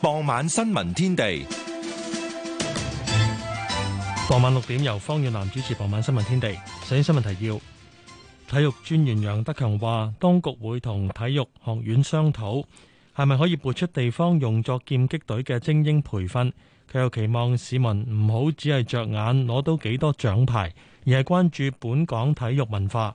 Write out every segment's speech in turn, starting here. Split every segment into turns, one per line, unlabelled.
傍晚
新聞天地，傍晚六點由方遠南主持。傍晚新聞天地，首先新聞提要。體育專員楊德強話，當局會同體育學院商討係咪可以撥出地方用作劍擊隊嘅精英培訓。佢又期望市民唔好只係着眼攞到幾多獎牌，而係關注本港體育文化。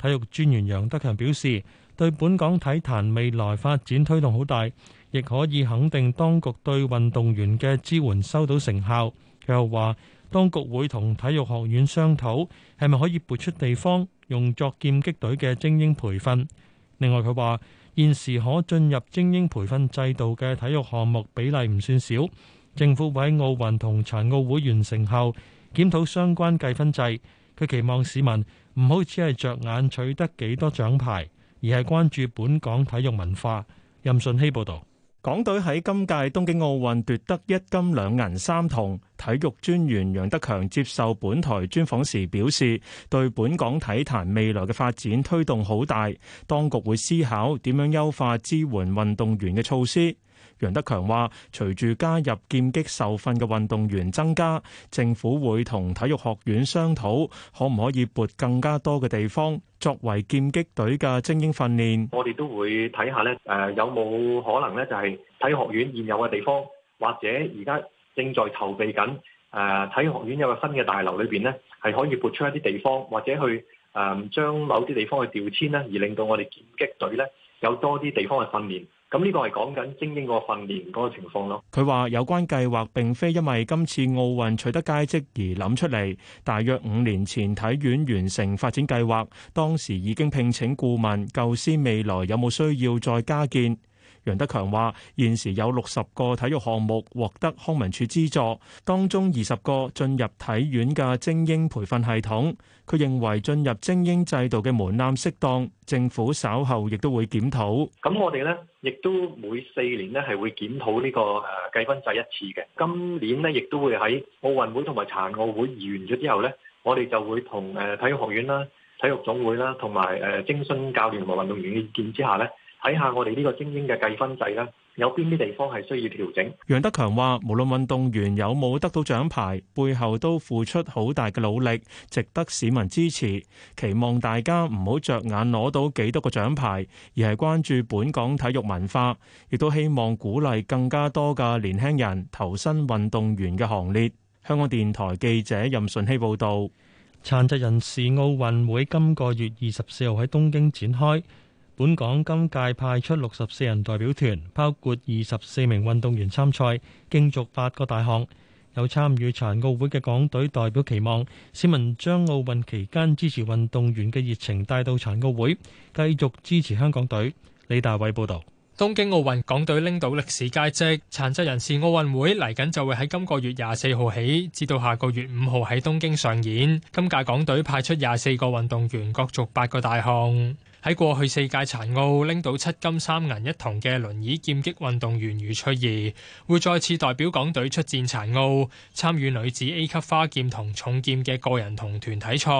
體育專員楊德強表示，對本港體壇未來發展推動好大，亦可以肯定當局對運動員嘅支援收到成效。佢又話，當局會同體育學院商討，係咪可以撥出地方用作劍擊隊嘅精英培訓。另外，佢話現時可進入精英培訓制度嘅體育項目比例唔算少，政府會喺奧運同殘奧會完成後檢討相關計分制。佢期望市民，唔好只係着眼取得幾多獎牌，而係關注本港體育文化。任順熙報道，
港隊喺今屆東京奧運奪得一金兩銀三銅。體育專員楊德強接受本台專訪時表示，對本港體壇未來嘅發展推動好大，當局會思考點樣優化支援運動員嘅措施。楊德強話，隨住加入劍擊受訓嘅運動員增加，政府會同體育學院商討，可唔可以撥更加多嘅地方作為劍擊隊嘅精英訓練。
我哋都會睇下咧，誒，有冇可能咧，就係體育學院現有嘅地方，或者而家正在籌備緊，誒，體育學院有個新嘅大樓裏邊咧，係可以撥出一啲地方，或者去誒將某啲地方去調遷呢，而令到我哋劍擊隊咧有多啲地方嘅訓練。咁呢個係講緊精英個訓練嗰個情況咯。
佢話有關計劃並非因為今次奧運取得佳績而諗出嚟。大約五年前體院完成發展計劃，當時已經聘請顧問，構思未來有冇需要再加建。楊德強話：現時有六十個體育項目獲得康文署資助，當中二十個進入體院嘅精英培訓系統。佢認為進入精英制度嘅門檻適當，政府稍後亦都會檢討。
咁我哋咧，亦都每四年咧係會檢討呢個誒計分制一次嘅。今年咧，亦都會喺奧運會同埋殘奧會完咗之後咧，我哋就會同誒體育學院啦、體育總會啦，同埋誒徵詢教練同埋運動員嘅意見之下咧。睇下我哋呢個精英嘅計分制咧，有邊啲地方係需要調整？
楊德強話，無論運動員有冇得到獎牌，背後都付出好大嘅努力，值得市民支持。期望大家唔好着眼攞到幾多個獎牌，而係關注本港體育文化，亦都希望鼓勵更加多嘅年輕人投身運動員嘅行列。香港電台記者任順希報道。
殘疾人士奧運會今個月二十四號喺東京展開。本港今屆派出六十四人代表團，包括二十四名運動員參賽，競逐八個大項。有參與殘奧會嘅港隊代表期望市民將奧運期間支持運動員嘅熱情帶到殘奧會，繼續支持香港隊。李大偉報導。
東京奧運港隊拎到歷史佳績，殘疾人士奧運會嚟緊就會喺今個月廿四號起，至到下個月五號喺東京上演。今屆港隊派出廿四個運動員，角逐八個大項。喺過去四屆殘奧拎到七金三銀一銅嘅輪椅劍擊運動員余翠兒，會再次代表港隊出戰殘奧，參與女子 A 級花劍同重劍嘅個人同團體賽。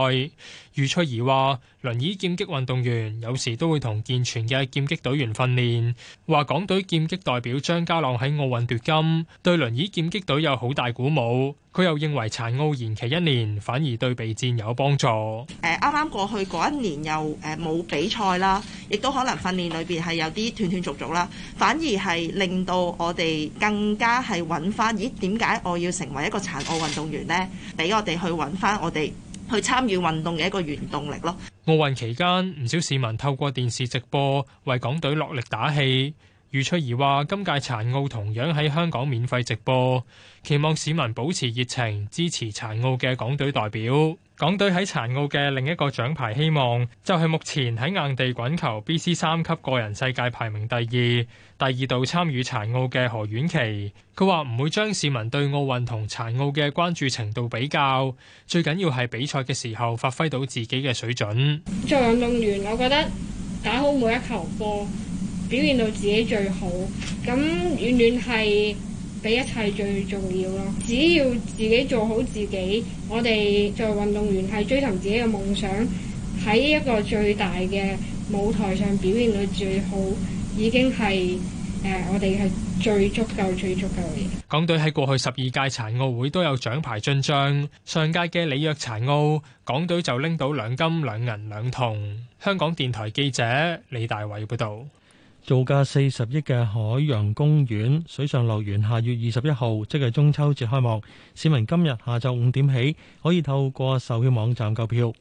余翠兒話，輪椅劍擊運動員有時都會同健全嘅劍擊隊員訓練。話港隊劍擊代表張家朗喺奧運奪金，對輪椅劍擊隊有好大鼓舞。佢又認為殘奧延期一年反而對備戰有幫助。
誒啱啱過去嗰一年又誒冇比賽啦，亦都可能訓練裏邊係有啲斷斷續續啦，反而係令到我哋更加係揾返，咦點解我要成為一個殘奧運動員呢？俾我哋去揾返我哋去參與運動嘅一個原動力咯。
奧運期間，唔少市民透過電視直播為港隊落力打氣。余翠怡話：今屆殘奧同樣喺香港免費直播，期望市民保持熱情支持殘奧嘅港隊代表。港隊喺殘奧嘅另一個獎牌希望就係目前喺硬地滾球 B C 三級個人世界排名第二，第二度參與殘奧嘅何婉琪。佢話唔會將市民對奧運同殘奧嘅關注程度比較，最緊要係比賽嘅時候發揮到自己嘅水準。
做運動員，我覺得打好每一球波。表現到自己最好，咁遠遠係比一切最重要咯。只要自己做好自己，我哋做運動員係追求自己嘅夢想，喺一個最大嘅舞台上表現到最
好，已經係誒、呃、我哋係最足夠、最足夠嘅。
港隊喺過去十二屆殘奧會都有獎牌進賬，上屆嘅里約殘奧，港隊就拎到兩金兩銀兩銅。香港電台記者李大偉報導。
造價四十億嘅海洋公園水上樂園下月二十一號即係中秋節開幕，市民今日下晝五點起可以透過售票網站購票。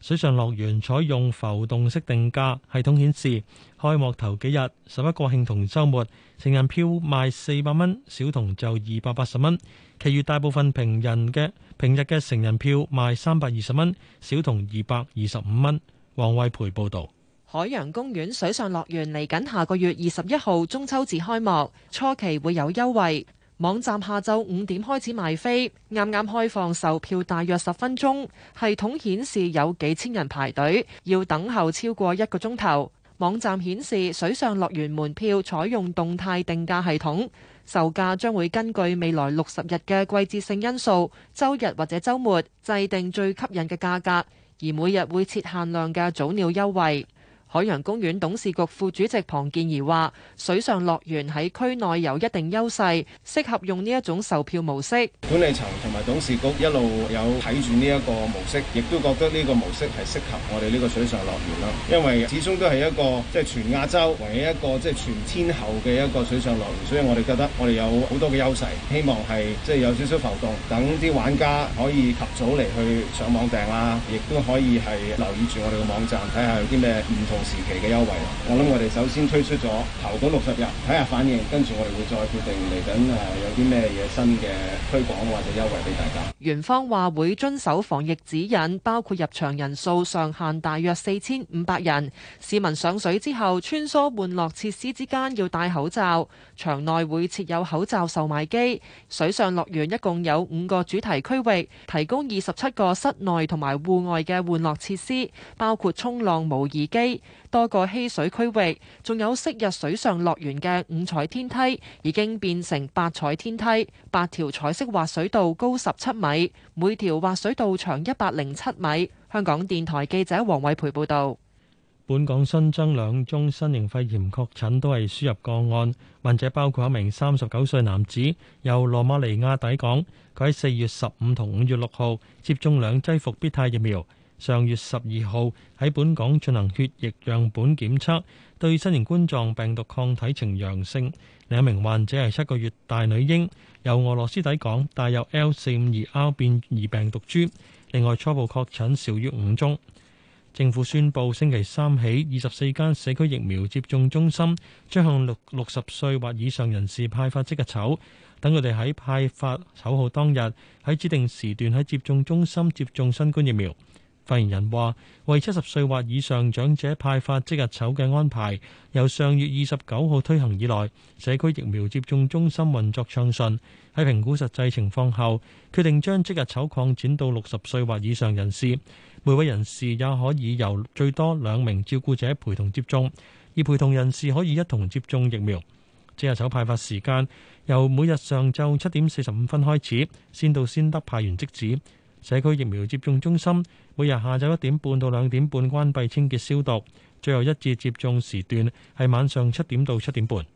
水上樂園採用浮動式定價，系統顯示開幕頭幾日十一國慶同週末成人票賣四百蚊，小童就二百八十蚊。其餘大部分平日嘅平日嘅成人票賣三百二十蚊，小童二百二十五蚊。黃慧培報道。
海洋公園水上樂園嚟緊，下個月二十一號中秋節開幕，初期會有優惠。網站下晝五點開始賣飛，啱啱開放售票，大約十分鐘，系統顯示有幾千人排隊，要等候超過一個鐘頭。網站顯示水上樂園門票採用動態定價系統，售價將會根據未來六十日嘅季節性因素、周日或者週末，制定最吸引嘅價格，而每日會設限量嘅早鳥優惠。海洋公園董事局副主席龐建貽，話水上樂園喺區內有一定優勢，適合用呢一種售票模式。
管理層同埋董事局一路有睇住呢一個模式，亦都覺得呢個模式係適合我哋呢個水上樂園咯。因為始終都係一個即係、就是、全亞洲唯一一個即係、就是、全天候嘅一個水上樂園，所以我哋覺得我哋有好多嘅優勢，希望係即係有少少浮動，等啲玩家可以及早嚟去上網訂啦，亦都可以係留意住我哋嘅網站，睇下有啲咩唔同。時期嘅優惠，我諗我哋首先推出咗頭嗰六十日睇下反應，跟住我哋會再決定嚟緊誒有啲
咩嘢新嘅推廣或者優惠俾大家。
園方話會遵守防疫指引，包括入場人數上限大約四千五百人。市民上水之後穿梭玩樂設施之間要戴口罩，場內會設有口罩售賣機。水上樂園一共有五個主題區域，提供二十七個室內同埋戶外嘅玩樂設施，包括衝浪模擬機。多個嬉水區域，仲有昔日水上樂園嘅五彩天梯，已經變成八彩天梯。八條彩色滑水道高十七米，每條滑水道長一百零七米。香港電台記者黃偉培報道，
本港新增兩宗新型肺炎確診，都係輸入個案。患者包括一名三十九歲男子，由羅馬尼亞抵港。佢喺四月十五同五月六號接種兩劑伏必泰疫苗。上月十二號喺本港進行血液樣本檢測，對新型冠狀病毒抗體呈陽性。兩名患者係七個月大女嬰，由俄羅斯抵港帶有 L 四五二 R 變異病毒株。另外初步確診少於五宗。政府宣布星期三起，二十四間社區疫苗接種中心將向六六十歲或以上人士派發即日籌，等佢哋喺派發籌號當日喺指定時段喺接種中心接種新冠疫苗。發言人話，為七十歲或以上長者派發即日籌嘅安排，由上月二十九號推行以來，社區疫苗接種中心運作暢順。喺評估實際情況後，決定將即日籌擴展到六十歲或以上人士。每位人士也可以由最多兩名照顧者陪同接種，而陪同人士可以一同接種疫苗。即日籌派發時間由每日上晝七點四十五分開始，先到先得，派完即止。社區疫苗接種中心。每日下晝一點半到兩點半關閉清潔消毒，最後一節接種時段係晚上七點到七點半。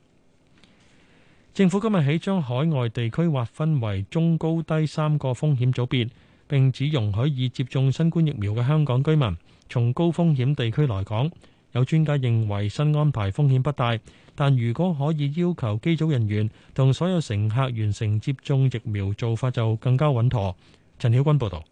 政府今日起將海外地區劃分為中、高、低三個風險組別，並只容許已接種新冠疫苗嘅香港居民從高風險地區來港。有專家認為新安排風險不大，但如果可以要求機組人員同所有乘客完成接種疫苗，做法就更加穩妥。陳曉君報導。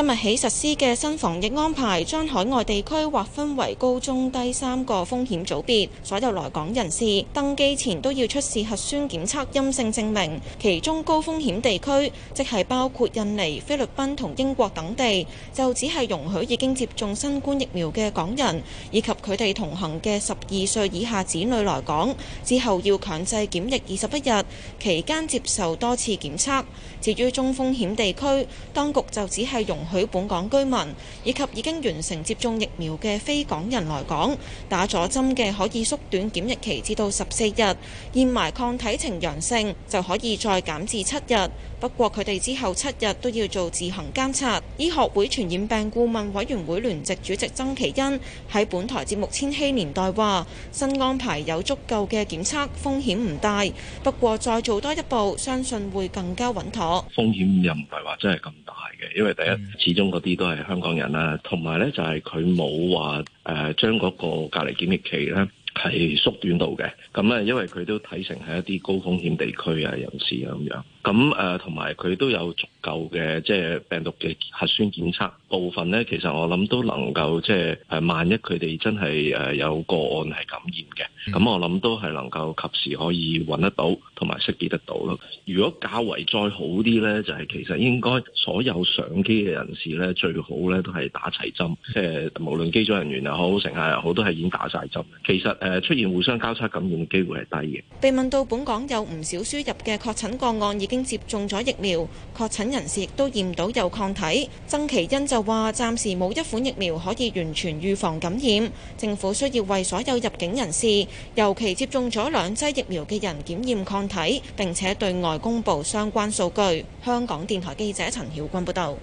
今日起實施嘅新防疫安排，將海外地區劃分為高、中、低三個風險組別。所有來港人士登機前都要出示核酸檢測陰性證明。其中高風險地區，即係包括印尼、菲律賓同英國等地，就只係容許已經接種新冠疫苗嘅港人以及佢哋同行嘅十二歲以下子女來港，之後要強制檢疫二十一日，期間接受多次檢測。至於中風險地區，當局就只係容許本港居民以及已經完成接種疫苗嘅非港人來港，打咗針嘅可以縮短檢疫期至到十四日，驗埋抗體呈陽性就可以再減至七日。不過佢哋之後七日都要做自行監察。醫學會傳染病顧問委員會聯席主席曾祈殷喺本台節目《千禧年代》話：新安排有足夠嘅檢測，風險唔大。不過再做多一步，相信會更加穩妥。
風險又唔係話真係咁大嘅，因為第一、嗯、始終嗰啲都係香港人啦，同埋咧就係佢冇話誒將嗰個隔離檢疫期咧係縮短到嘅。咁咧因為佢都睇成係一啲高風險地區啊人士咁樣。咁誒，同埋佢都有足夠嘅即係病毒嘅核酸檢測部分呢，其實我諗都能夠即係萬一佢哋真係誒有個案係感染嘅，咁我諗都係能夠及時可以揾得到同埋識別得到咯。如果較為再好啲呢，就係、是、其實應該所有上機嘅人士呢最好呢都係打齊針，即係無論機組人員又好，乘客又好，都係已經打晒針。其實誒出現互相交叉感染嘅機會係低嘅。
被問到本港有唔少輸入嘅確診個案，已經接種咗疫苗，確診人士亦都驗到有抗體。曾其恩就話：暫時冇一款疫苗可以完全預防感染，政府需要為所有入境人士，尤其接種咗兩劑疫苗嘅人檢驗抗體，並且對外公布相關數據。香港電台記者陳曉君報道。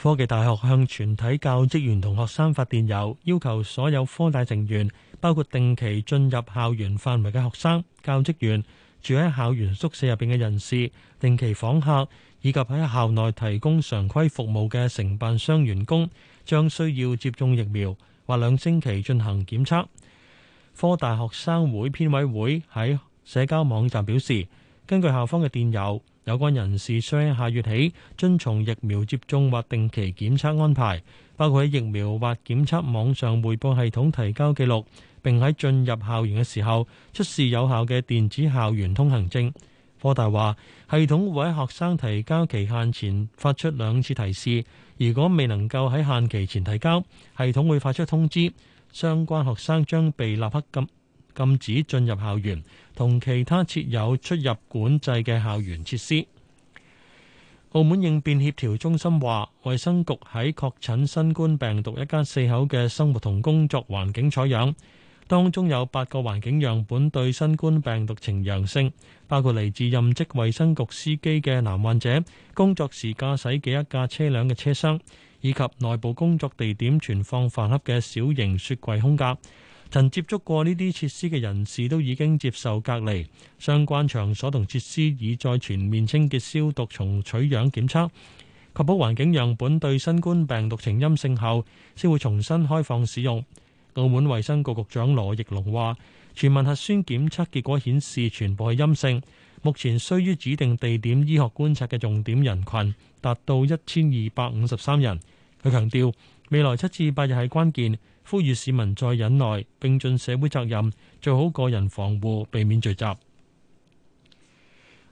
科技大學向全體教職員同學生發電郵，要求所有科大成員，包括定期進入校園範圍嘅學生、教職員。住喺校園宿舍入邊嘅人士、定期訪客以及喺校內提供常規服務嘅承辦商員工，將需要接種疫苗或兩星期進行檢測。科大學生會編委會喺社交網站表示，根據校方嘅電郵，有關人士需喺下月起遵從疫苗接種或定期檢測安排，包括喺疫苗或檢測網上彙報系統提交記錄。並喺進入校園嘅時候出示有效嘅電子校園通行證。科大話，系統會喺學生提交期限前發出兩次提示，如果未能夠喺限期前提交，系統會發出通知，相關學生將被立刻禁禁止進入校園，同其他設有出入管制嘅校園設施。澳門應變協調中心話，衛生局喺確診新冠病毒一家四口嘅生活同工作環境採樣。當中有八個環境樣本對新冠病毒呈陽性，包括嚟自任職衛生局司機嘅男患者工作時駕駛嘅一架車輛嘅車廂，以及內部工作地點存放飯盒嘅小型雪櫃空格。曾接觸過呢啲設施嘅人士都已經接受隔離，相關場所同設施已在全面清潔消毒，從取樣檢測，確保環境樣本對新冠病毒呈陰性後，先會重新開放使用。澳門衛生局局長羅奕龍話，全民核酸檢測結果顯示全部係陰性，目前需於指定地點醫學觀察嘅重點人群達到一千二百五十三人。佢強調，未來七至八日係關鍵，呼籲市民再忍耐，並盡社會責任，做好個人防護，避免聚集。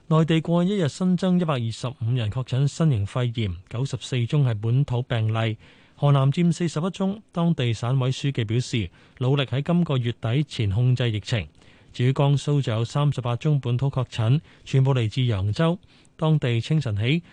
內地過去一日新增一百二十五人確診新型肺炎，九十四宗係本土病例。河南佔四十一宗，當地省委書記表示努力喺今個月底前控制疫情。至於江蘇就有三十八宗本土確診，全部嚟自揚州。當地清晨起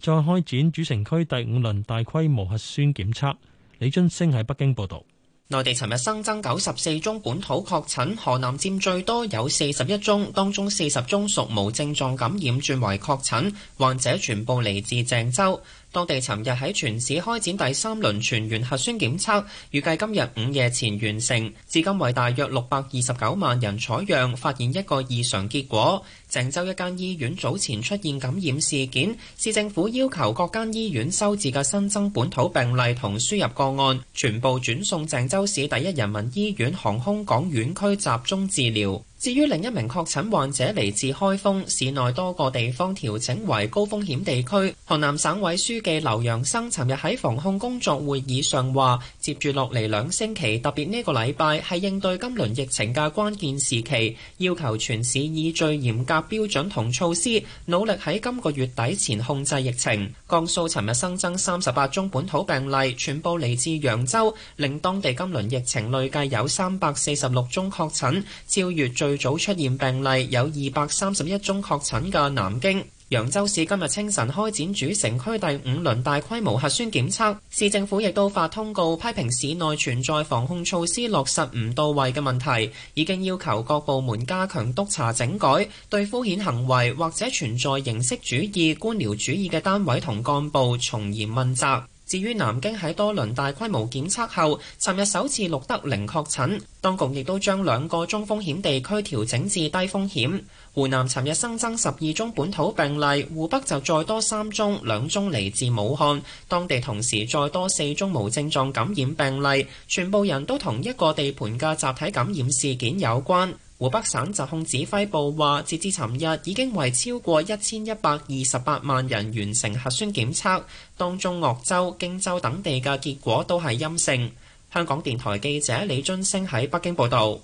再開展主城區第五輪大規模核酸檢測。李津升喺北京報導。
內地尋日新增九十四宗本土確診，河南佔最多有四十一宗，當中四十宗屬無症狀感染轉為確診，患者全部嚟自鄭州。當地尋日喺全市開展第三輪全員核酸檢測，預計今日午夜前完成。至今為大約六百二十九萬人採樣，發現一個異常結果。鄭州一間醫院早前出現感染事件，市政府要求各間醫院收治嘅新增本土病例同輸入個案，全部轉送鄭州市第一人民醫院航空港院區集中治療。至於另一名確診患者嚟自開封，市內多個地方調整為高風險地區。河南省委書記劉陽生尋日喺防控工作會議上話。接住落嚟兩星期，特別呢個禮拜係應對今輪疫情嘅關鍵時期，要求全市以最嚴格標準同措施，努力喺今個月底前控制疫情。江蘇尋日新增三十八宗本土病例，全部嚟自揚州，令當地今輪疫情累計有三百四十六宗確診，超越最早出現病例有二百三十一宗確診嘅南京。揚州市今日清晨開展主城區第五輪大規模核酸檢測，市政府亦都發通告批評市內存在防控措施落實唔到位嘅問題，已經要求各部門加強督察整改，對敷衍行為或者存在形式主義、官僚主義嘅單位同幹部從嚴問責。至於南京喺多輪大規模檢測後，尋日首次錄得零確診，當局亦都將兩個中風險地區調整至低風險。湖南尋日新增十二宗本土病例，湖北就再多三宗，兩宗嚟自武漢，當地同時再多四宗無症狀感染病例，全部人都同一個地盤嘅集體感染事件有關。湖北省疾控指揮部話，截至尋日，已經為超過一千一百二十八萬人完成核酸檢測，當中鄂州、荊州等地嘅結果都係陰性。香港電台記者李津升喺北京報道。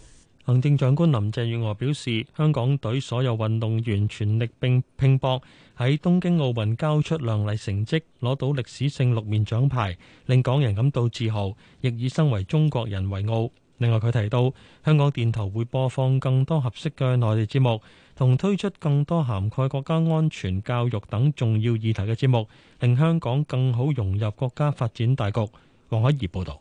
行
政長官林鄭月娥表示，香港隊所有運動員全力並拼搏喺東京奧運交出亮麗成績，攞到歷史性六面獎牌，令港人感到自豪，亦以身為中國人為傲。另外，佢提到香港電台會播放更多合適嘅內地節目，同推出更多涵蓋國家安全教育等重要議題嘅節目，令香港更好融入國家發展大局。黃海怡報道。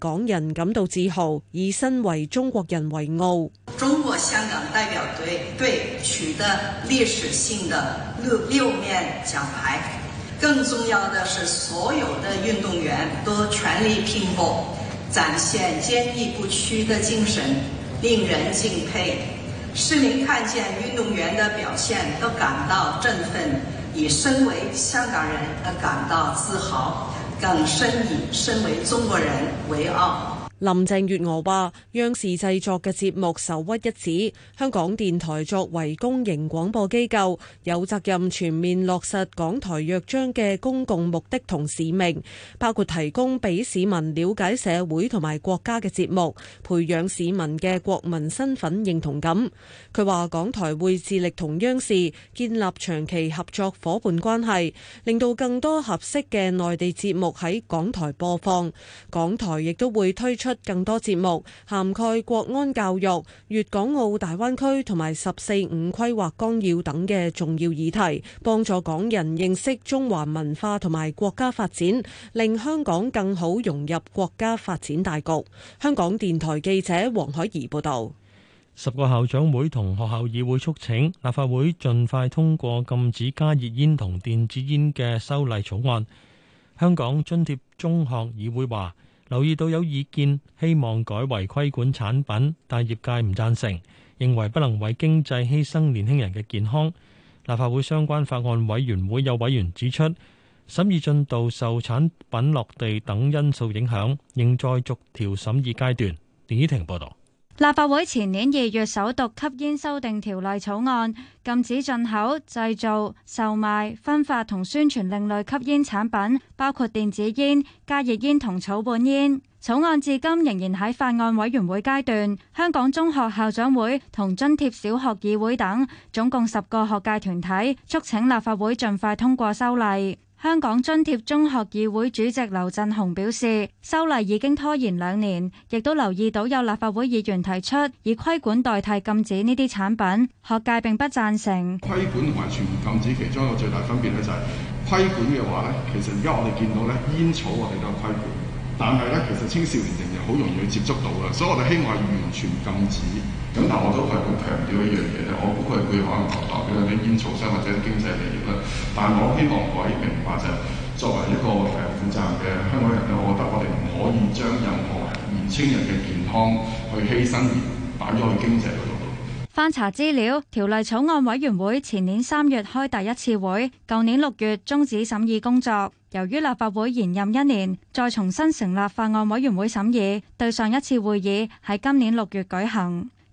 港人感到自豪，以身為中國人為傲。中國香港代表隊隊取得歷史性的六六面獎牌，更重要的是，所有的運動員都全力拼搏，展現堅毅不屈的精神，令人敬佩。市民看見運動員的表現，都感到振奮，以身為香港人而感到自豪。更深以身為中國人為傲。林鄭月娥話：央視製作嘅節目首屈一指，香港電台作為公營廣播機構，有責任全面落實港台約章嘅公共目的同使命，包括提供俾市民瞭解社會同埋國家嘅節目，培養市民嘅國民身份認同感。佢話：港台會致力同央視建立長期合作夥伴關係，令到更多合適嘅內地節目喺港台播放。港台亦都會推出。出更多節目，涵蓋國安教育、粵港澳大灣區同埋十四五規劃綱要等嘅重要議題，幫助港人認識中華文化同埋國家發展，令香港更好融入國家發展大局。香港電台記者黃海怡報道。
十個校長會同學校議會促請立法會儘快通過禁止加熱煙同電子煙嘅修例草案。香港津貼中學議會話。留意到有意見希望改為規管產品，但業界唔贊成，認為不能為經濟犧牲年輕人嘅健康。立法會相關法案委員會有委員指出，審議進度受產品落地等因素影響，仍在逐條審議階段。李以婷報道。
立法會前年二月首讀吸煙修訂條例草案，禁止進口、製造、售賣、分發同宣傳另類吸煙產品，包括電子煙、加熱煙同草本煙。草案至今仍然喺法案委員會階段，香港中學校長會同津貼小學議會等，總共十個學界團體，促請立法會盡快通過修例。香港津貼中學議會主席劉振雄表示，修例已經拖延兩年，亦都留意到有立法會議員提出以規管代替禁止呢啲產品，學界並不贊成。規
管同埋完全禁止其中一個最大分別咧，就係、是、規管嘅話咧，其實而家我哋見到咧，煙草我哋都有規管，但係咧其實青少年仍然好容易去接觸到噶，所以我哋希望係完全禁止。咁，但係我都係會強調一樣嘢咧。我估佢係背後可能代表緊啲煙草商或者經濟利益啦。但我希望可以明白就係作為一個誒負責嘅香港人咧，我覺得
我哋唔可以將任何年青人嘅健康去犧牲，而擺咗去經濟嗰度度。
翻查資料，條例草案委員會前年三月開第一次會，舊年六月終止審議工作。由於立法會延任一年，再重新成立法案委員會審議，對上一次會議喺今年六月舉行。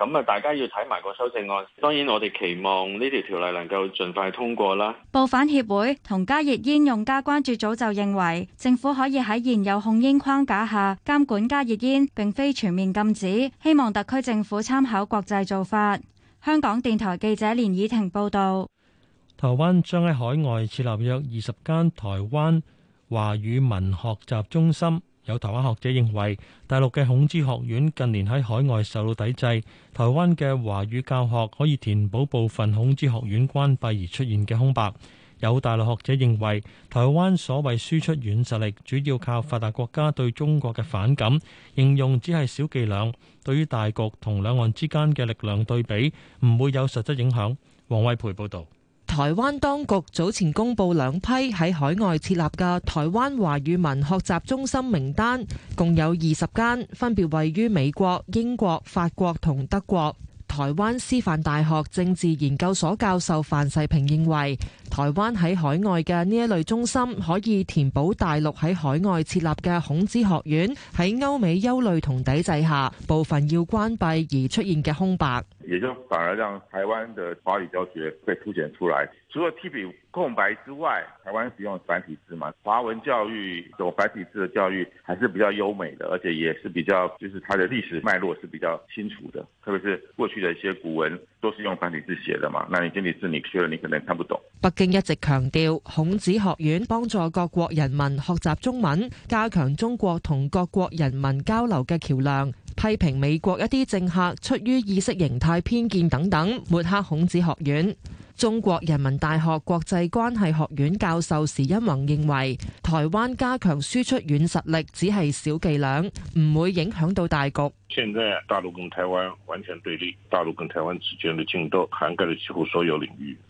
咁啊！大家要睇埋個修正案。當然，我哋期望呢條條例能夠盡快通過啦。
布反協會同加熱煙用家關注組就認為，政府可以喺現有控煙框架下監管加熱煙，並非全面禁止。希望特區政府參考國際做法。香港電台記者連以婷報道。
台灣將喺海外設立約二十間台灣華語文學習中心。有台灣學者認為，大陸嘅孔子學院近年喺海外受到抵制，台灣嘅華語教學可以填補部分孔子學院關閉而出現嘅空白。有大陸學者認為，台灣所謂輸出軟實力，主要靠發達國家對中國嘅反感，形容只係小伎倆，對於大局同兩岸之間嘅力量對比唔會有實質影響。黃惠培報導。
台灣當局早前公布兩批喺海外設立嘅台灣華語文學習中心名單，共有二十間，分別位於美國、英國、法國同德國。台灣師範大學政治研究所教授范世平認為，台灣喺海外嘅呢一類中心，可以填補大陸喺海外設立嘅孔子學院，喺歐美憂慮同抵制下，部分要關閉而出現嘅空白。
也就反而讓
台灣的華語教學被凸顯出來，除了替補空白之外，台灣使用繁體字嘛，華文教育用繁體字的教育還是比較優美的，而且也是比較就是它的歷史脈絡是比較清楚的，特別是過去的一些古文都是用繁體字寫的嘛，那你簡體字你學了你可能看不懂。
北京一直強調孔子學院幫助各國人民學習中文，加強中國同各國人民交流嘅橋梁。批評美國一啲政客出於意識形態偏見等等，抹黑孔子學院。中國人民大學國際關係學院教授時殷弘認為，台灣加強輸出軟實力只係小伎倆，唔會影響到大局。
現在大陸跟台灣完全對立，大陸跟台灣之間的競爭涵蓋了幾乎所有領域。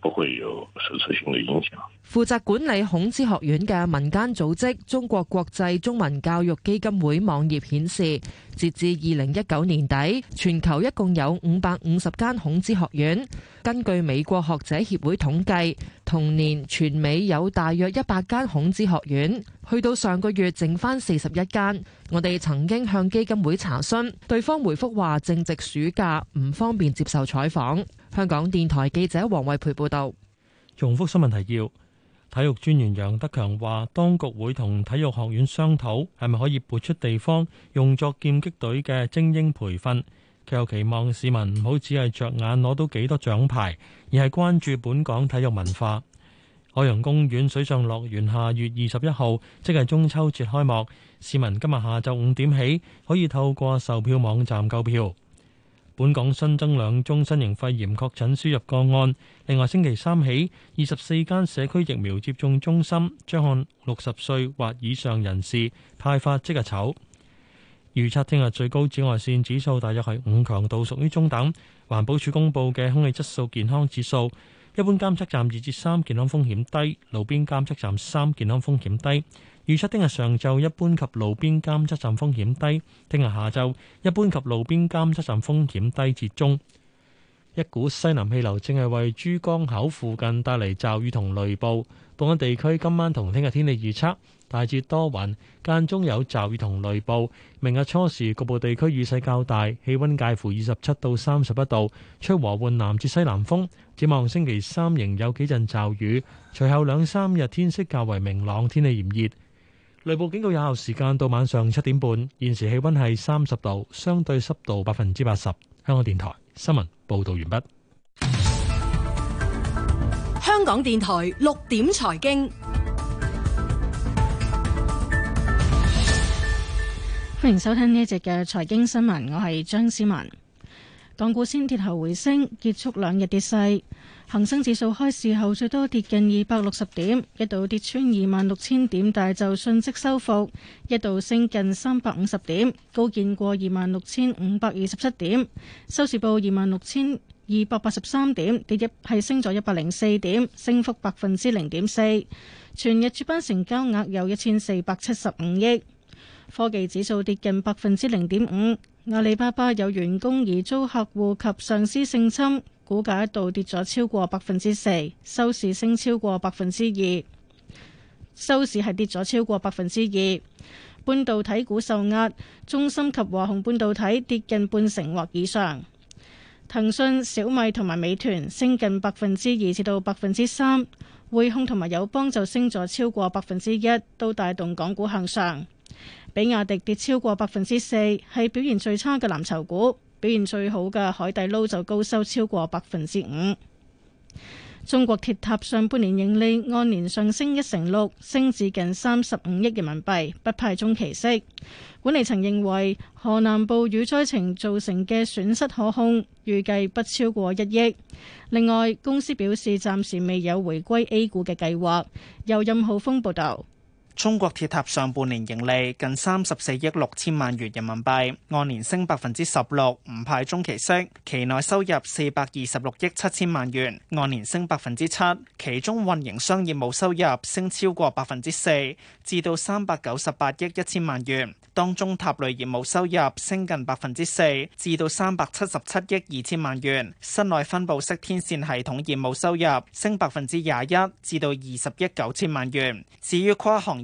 不會有實質性嘅影響。
負責管理孔子學院嘅民間組織中國國際中文教育基金會網頁顯示，截至二零一九年底，全球一共有五百五十間孔子學院。根據美國學者協會統計，同年全美有大約一百間孔子學院，去到上個月剩翻四十一間。我哋曾經向基金會查詢，對方回覆話正值暑假，唔方便接受採訪。香港電台記者黃慧。培報道，
重複新聞提要。體育專員楊德強話，當局會同體育學院商討，係咪可以撥出地方用作劍擊隊嘅精英培訓。佢又期望市民唔好只係着眼攞到幾多獎牌，而係關注本港體育文化。海洋公園水上樂園下月二十一號即係中秋節開幕，市民今日下晝五點起可以透過售票網站購票。本港新增兩宗新型肺炎確診輸入個案。另外，星期三起，二十四間社區疫苗接種中心將按六十歲或以上人士派發即日籌。預測聽日最高紫外線指數大約係五強度，屬於中等。環保署公佈嘅空氣質素健康指數，一般監測站二至三健康風險低，路邊監測站三健康風險低。預測聽日上晝一般及路邊監測站風險低，聽日下晝一般及路邊監測站風險低至中。一股西南氣流正係為珠江口附近帶嚟驟雨同雷暴。本港地區今晚同聽日天氣預測大致多雲，間中有驟雨同雷暴。明日初時局部地區雨勢較大，氣溫介乎二十七到三十一度，吹和緩南至西南風。展望星期三仍有幾陣驟雨，隨後兩三日天色較為明朗，天氣炎熱。雷暴警告有效時間到晚上七點半。現時氣溫係三十度，相對濕度百分之八十。香港電台新聞報道完畢。
香港電台六點財經，歡迎收聽呢一節嘅財經新聞，我係張思文。港股先跌後回升，結束兩日跌勢。恒生指數開市後最多跌近二百六十點，一度跌穿二萬六千點，但就瞬即收復，一度升近三百五十點，高見過二萬六千五百二十七點。收市報二萬六千二百八十三點，跌一億係升咗一百零四點，升幅百分之零點四。全日主板成交額有一千四百七十五億。科技指數跌近百分之零點五。阿里巴巴有員工以租客戶及上司性侵，股價一度跌咗超過百分之四，收市升超過百分之二。收市係跌咗超過百分之二。半導體股受壓，中芯及華虹半導體跌近半成或以上。騰訊、小米同埋美團升近百分之二至到百分之三，匯控同埋友邦就升咗超過百分之一，都帶動港股向上。比亞迪跌超過百分之四，係表現最差嘅藍籌股。表現最好嘅海底撈就高收超過百分之五。中國鐵塔上半年盈利按年上升一成六，升至近三十五億人民幣，不派中期息。管理層認為河南暴雨災情造成嘅損失可控，預計不超過一億。另外，公司表示暫時未有回歸 A 股嘅計劃。由任浩峰報道。
中國鐵塔上半年盈利近三十四億六千萬元人民幣，按年升百分之十六，唔派中期息。期內收入四百二十六億七千萬元，按年升百分之七，其中運營商業務收入升超過百分之四，至到三百九十八億一千萬元。當中塔類業務收入升近百分之四，至到三百七十七億二千萬元。室內分布式天線系統業務收入升百分之廿一，至到二十億九千萬元。至於跨行，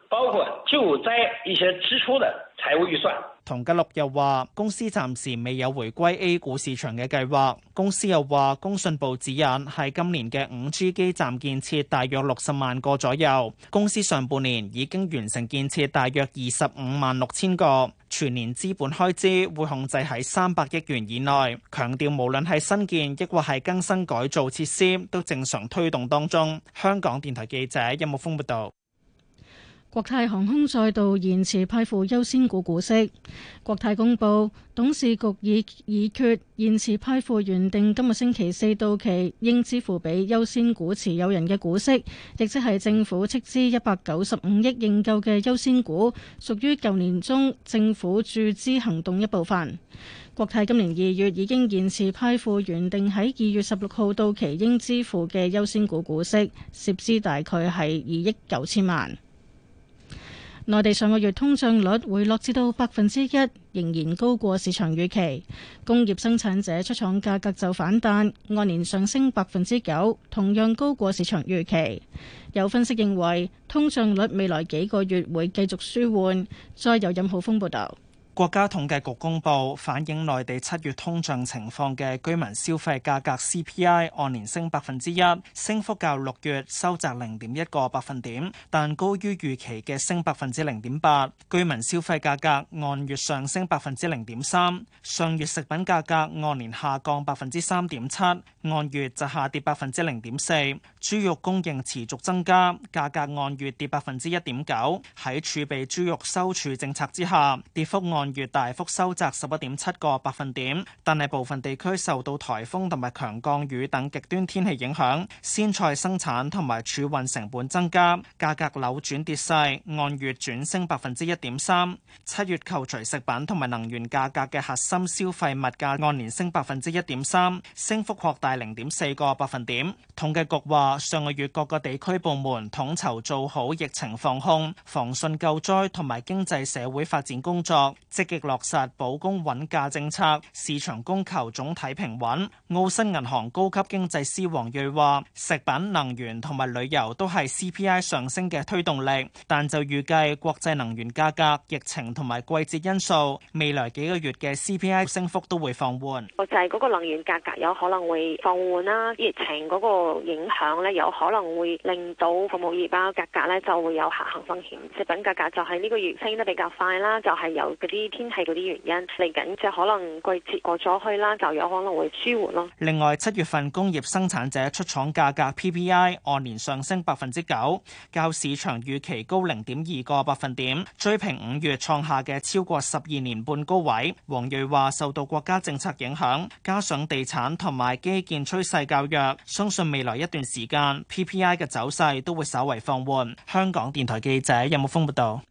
包括救災一些支出的財務預算。
同吉利又話公司暫時未有回歸 A 股市場嘅計劃。公司又話工信部指引係今年嘅五 G 基站建設大約六十萬個左右。公司上半年已經完成建設大約二十五萬六千個，全年資本開支會控制喺三百億元以內。強調無論係新建抑或係更新改造設施都正常推動當中。香港電台記者任木峰報道。
國泰航空再度延遲派付優先股股息。國泰公布董事局已已決延遲派付原定今日星期四到期應支付俾優先股持有人嘅股息，亦即係政府斥資一百九十五億認購嘅優先股，屬於舊年中政府注資行動一部分。國泰今年二月已經延遲派付原定喺二月十六號到期應支付嘅優先股股息，涉資大概係二億九千萬。內地上個月通脹率回落至到百分之一，仍然高過市場預期。工業生產者出廠價格就反彈，按年上升百分之九，同樣高過市場預期。有分析認為，通脹率未來幾個月會繼續舒緩。再有任風暴，任浩峰報道。
國家統計局公布反映內地七月通脹情況嘅居民消費價格 CPI 按年升百分之一，升幅較六月收窄零點一個百分點，但高於預期嘅升百分之零點八。居民消費價格按月上升百分之零點三，上月食品價格按年下降百分之三點七，按月就下跌百分之零點四。豬肉供應持續增加，價格按月跌百分之一點九。喺儲備豬肉收儲政策之下，跌幅按按月大幅收窄十一點七個百分點，但係部分地區受到台風同埋強降雨等極端天氣影響，鮮菜生產同埋儲運成本增加，價格扭轉跌勢，按月轉升百分之一點三。七月扣除食品同埋能源價格嘅核心消費物價按年升百分之一點三，升幅擴大零點四個百分點。統計局話，上個月各個地區部門統籌做好疫情防控、防汛救災同埋經濟社會發展工作。積極落實保供穩價政策，市場供求總體平穩。澳新銀行高級經濟師黃瑞話：食品、能源同埋旅遊都係 CPI 上升嘅推動力，但就預計國際能源價格、疫情同埋季節因素，未來幾個月嘅 CPI 升幅都會放緩。國
際嗰個能源價格有可能會放緩啦，疫情嗰個影響咧有可能會令到服務業嘅價格咧就會有下行風險。食品價格就係呢個月升得比較快啦，就係有嗰啲。啲天氣嗰啲原因嚟緊，就可能季節過咗去啦，就有
可能會舒緩咯。另外，七月份工業生產者出廠價格 PPI 按年上升百分之九，較市場預期高零點二個百分點，追平五月創下嘅超過十二年半高位。黃瑞話：受到國家政策影響，加上地產同埋基建趨勢較弱，相信未來一段時間 PPI 嘅走勢都會稍為放緩。香港電台記者任木峯報道。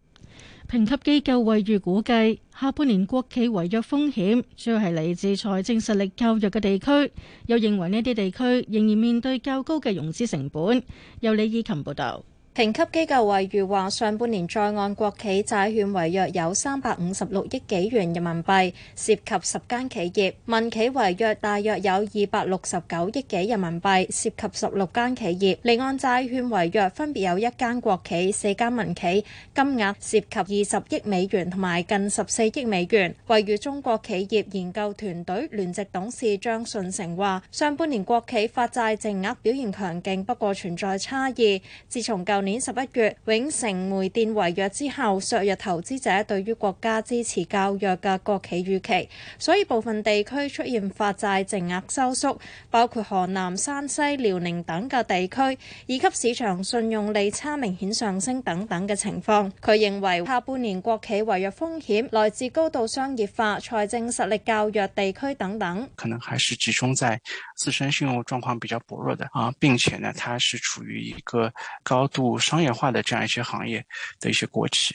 評級機構惠譽估計，下半年國企違約風險主要係嚟自財政實力較弱嘅地區，又認為呢啲地區仍然面對較高嘅融資成本。由李以琴報道。評級機構惠譽話，
上半年在岸國企債券違約有三百五十六億幾元人民幣，涉及十間企業；民企違約大約有二百六十九億幾人民幣，涉及十六間企業。離岸債券違約分別有一間國企、四間民企，金額涉及二十億美元同埋近十四億美元。惠譽中國企業研究團隊聯席董事張信成話：上半年國企發債淨額表現強勁，不過存在差異。自從舊年年十一月永城煤電違約之後，削弱投資者對於國家支持較弱嘅國企預期，所以部分地區出現發債淨額收縮，包括河南、山西、遼寧等嘅地區，以及市場信用利差明顯上升等等嘅情況。佢認為下半年國企違約風險來自高度商業化、財政實力較弱地區等等。
可能還是集中在自身信用狀況比較薄弱的啊，並且呢，它是處於一個高度。商業化的這樣一些行業的一些國企。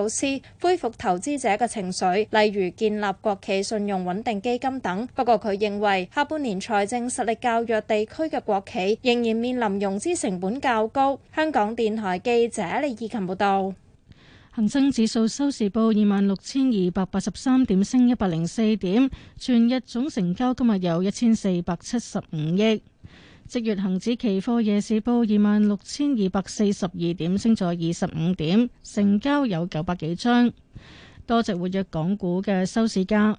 措施恢復投資者嘅情緒，例如建立國企信用穩定基金等。不過佢認為下半年財政實力較弱地區嘅國企仍然面臨融資成本較高。香港電台記者李以琴報道。
恒生指數收市報二萬六千二百八十三點，升一百零四點。全日總成交今日有一千四百七十五億。即月恒指期貨夜市報二萬六千二百四十二點，升咗二十五點，成交有九百幾張。多隻活躍港股嘅收市價：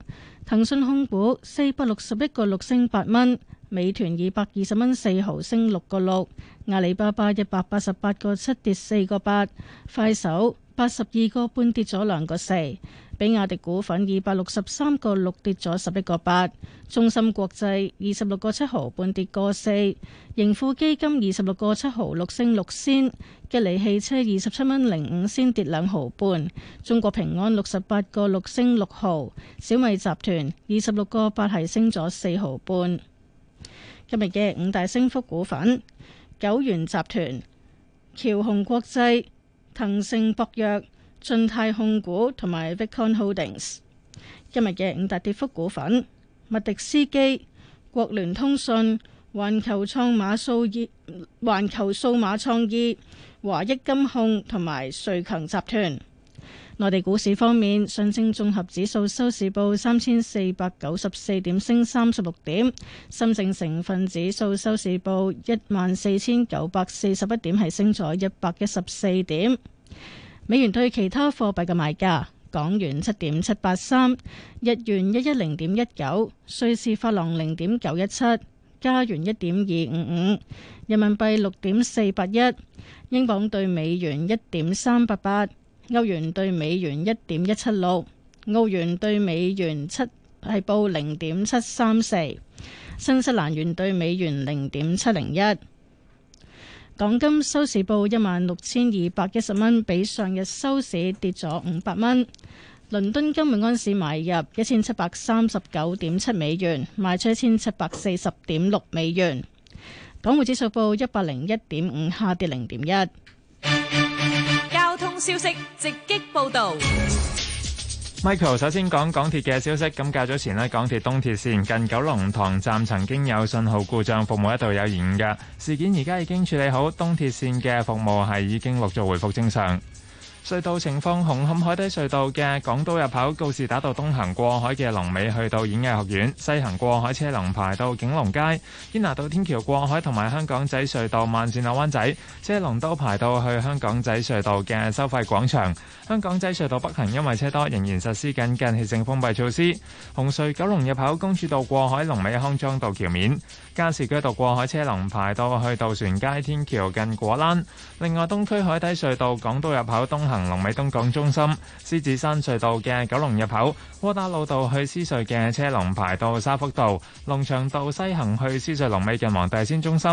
騰訊控股四百六十一個六升八蚊，美團二百二十蚊四毫升六個六，阿里巴巴一百八十八個七跌四個八，快手八十二個半跌咗兩個四。比亞迪股份二百六十三個六跌咗十一個八，中芯國際二十六個七毫半跌個四，盈富基金二十六個七毫六升六仙，吉利汽車二十七蚊零五仙跌兩毫半，中國平安六十八個六升六毫，小米集團二十六個八係升咗四毫半。今日嘅五大升幅股份：九元集團、僑雄國際、騰盛博藥。晉泰控股同埋 Vicon Holdings，今日嘅五大跌幅股份：麥迪斯基、國聯通訊、環球創碼數億、環球數碼創意、華億金控同埋瑞強集團。內地股市方面，上證綜合指數收市報三千四百九十四點，升三十六點；深證成分指數收市報一萬四千九百四十一點，係升咗一百一十四點。美元對其他貨幣嘅賣價：港元七點七八三，日元一一零點一九，瑞士法郎零點九一七，加元一點二五五，人民幣六點四八一，英鎊對美元一點三八八，歐元對美元一點一七六，澳元對美元七，係報零點七三四，新西蘭元對美元零點七零一。港金收市報一萬六千二百一十蚊，比上日收市跌咗五百蚊。倫敦金每盎司買入一千七百三十九點七美元，賣出一千七百四十點六美元。港匯指數報一百零一點五，下跌零點一。交通消息
直擊報道。
Michael 首先講港鐵嘅消息。咁較早前呢港鐵東鐵線近九龍塘站曾經有信號故障，服務一度有延誤嘅事件，而家已經處理好，東鐵線嘅服務係已經陸續，續回復正常。隧道情況，紅磡海底隧道嘅港島入口告士打道東行過海嘅龍尾去到演藝學院，西行過海車龍排到景隆街，堅拿道天橋過海同埋香港仔隧道慢線落灣仔，車龍都排到去香港仔隧道嘅收費廣場。香港仔隧道北行因為車多，仍然實施緊近氣性封閉措施。紅隧九龍入口公主道過海龍尾康莊道橋面，加士居道過海車龍排到去渡船街天橋近果欄。另外，東區海底隧道港島入口東行龍尾東港中心，獅子山隧道嘅九龍入口窩打老道去獅隧嘅車龍排到沙福道，龍翔道西行去獅隧龍尾近黃大仙中心。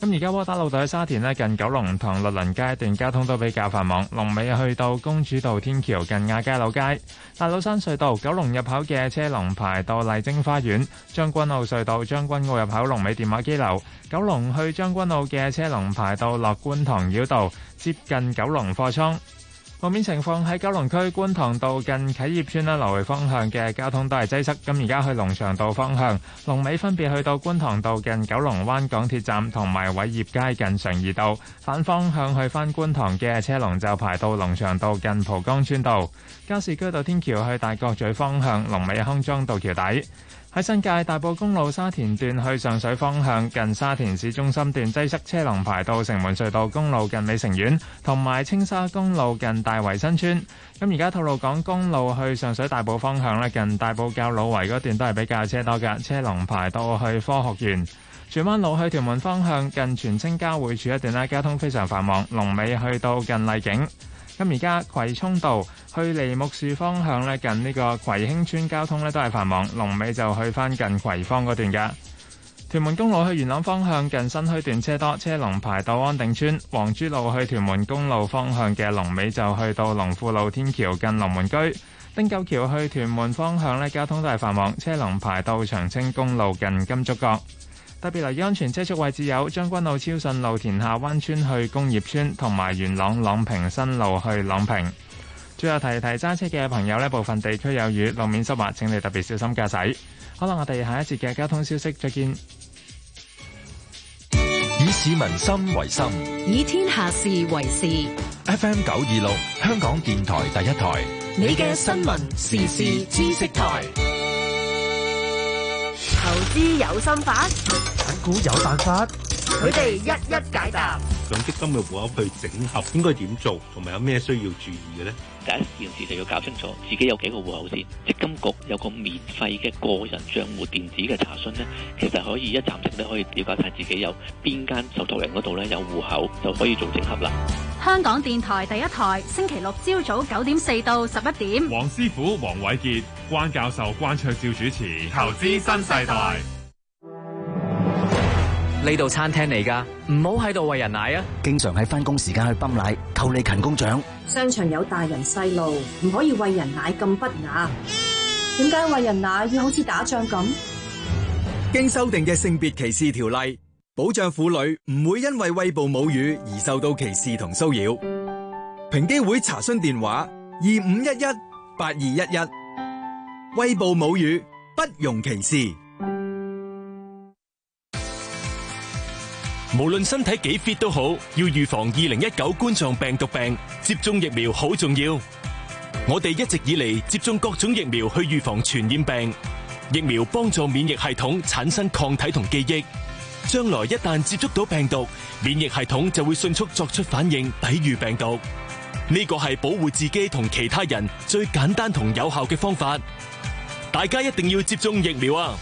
咁而家窩打老道喺沙田近九龍塘律倫街一段交通都比較繁忙，龍尾去到公主道天橋近亞皆老街、大老山隧道、九龍入口嘅車龍排到麗晶花園、將軍澳隧道、將軍澳入口龍尾電話機樓、九龍去將軍澳嘅車龍排到樂觀塘繞道，接近九龍貨倉。路面情況喺九龍區觀塘道近啟業邨，啦，來回方向嘅交通都係擠塞。咁而家去龍翔道方向，龍尾分別去到觀塘道近九龍灣港鐵站，同埋偉業街近常怡道。反方向去返觀塘嘅車龍就排到龍翔道近蒲崗村道、加士居道天橋去大角咀方向，龍尾康莊道橋底。喺新界大埔公路沙田段去上水方向，近沙田市中心段擠塞，車龍排到城門隧道公路近美城苑，同埋青沙公路近大圍新村。咁而家吐露港公路去上水大埔方向呢，近大埔滘老圍嗰段都係比較車多㗎。車龍排到去科學園。荃灣路去屯門方向，近荃青交匯處一段咧，交通非常繁忙，龍尾去到近麗景。咁而家葵涌道去梨木樹方向呢，近呢個葵興村交通呢都係繁忙。龍尾就去翻近葵芳嗰段嘅屯門公路去元朗方向，近新墟段車多，車龍排到安定村。黃珠路去屯門公路方向嘅龍尾就去到龍富路天橋近龍門居。汀九橋去屯門方向呢，交通都係繁忙，車龍排到長青公路近金竹角。特別留意安全車速位置有將軍澳、超順路、田下灣村去工業村，同埋元朗朗平新路去朗平。最後提提揸車嘅朋友呢，部分地區有雨，路面濕滑，請你特別小心駕駛。好啦，我哋下一節嘅交通消息再見。
以市民心為心，
以天下事為事。
F M 九二六，香港電台第一台，
你嘅新聞時事知識台。
投資有心法，港股有辦法，佢哋一一
解答。咁基金嘅戶口去整合應該點做，同埋有咩需要注意嘅咧？第一件事就要搞清楚自己有幾個戶口先。積金局有個免費嘅個人賬戶電子嘅查詢咧，其實可以一站式都可以了解下自己有邊間受託人嗰度咧有戶口，就可以做整合啦。
香港電台第一台，星期六朝早九點四到十一點，黃
師傅、黃偉傑、關教授、關卓照主持。投資新世代。呢度餐廳嚟噶，唔好喺度喂人奶啊！經常喺翻工時間去泵奶，扣你勤工獎。商場有大
人細路，唔可以喂人奶咁不雅。點解喂人奶要好似打仗咁？
經修訂嘅性別歧視條例保障婦女唔會因為喂哺母乳而受到歧視同騷擾。平機會查詢電話二五一一八二一一。喂哺母乳不容歧視。無論身體幾 fit 都好，要預防二零一九冠狀病毒病，接種疫苗好重要。我哋一直以嚟，接種各種疫苗去預防傳染病，疫苗幫助免疫系統產生抗體同記憶。將來一旦接觸到病毒，免疫系統就會迅速作出反應，抵禦病毒。呢個係保護自己同其他人最簡單同有效嘅方法。大家一定要接種疫苗啊！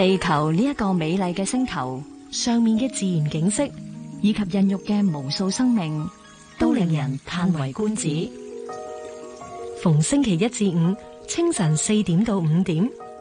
地球，呢一個美麗嘅星球上面嘅自然景色以及孕育嘅無數生命，都令人嘆為觀止
逢星期一至五清晨四點到五點。